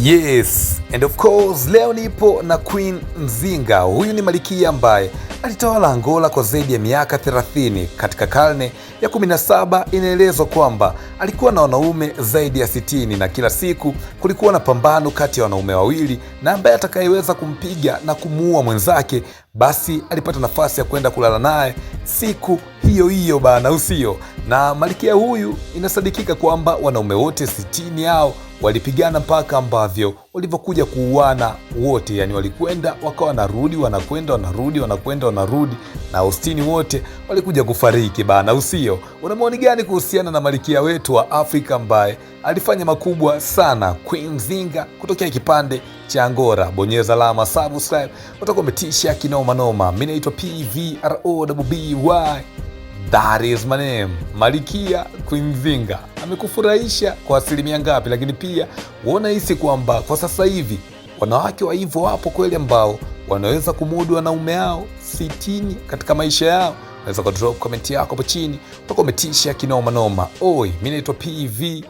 Yes, and of course leo nipo na Queen Mzinga. Huyu ni malkia ambaye alitawala Angola kwa zaidi ya miaka 30 katika karne ya 17. Inaelezwa kwamba alikuwa na wanaume zaidi ya 60 na kila siku kulikuwa na pambano kati ya wanaume wawili, na ambaye atakayeweza kumpiga na kumuua mwenzake basi alipata nafasi ya kwenda kulala naye siku hiyo hiyo bana, usio na malkia huyu. Inasadikika kwamba wanaume wote sitini yao walipigana mpaka ambavyo walivyokuja kuuana wote, yani walikwenda wakawa wanarudi wanakwenda wanarudi wanakwenda wanarudi, na sitini wote walikuja kufariki bana, usio. Una maoni gani kuhusiana na malkia wetu wa Afrika ambaye alifanya makubwa sana, Queen Zinga kutokea kipande cha Angora? Bonyeza alama subscribe, utakuwa umetisha kinoma noma. Mimi naitwa PVROWBY. Darius manem Malikia kuinzinga amekufurahisha kwa asilimia ngapi? Lakini pia wanahisi kwamba kwa sasa hivi wanawake wa hivyo wapo kweli ambao wanaweza kumudu wanaume hao sitini katika maisha yao? Naweza kwa drop yako hapo chini, utakuwa umetisha kinoma noma. Oi, mimi naitwa PV.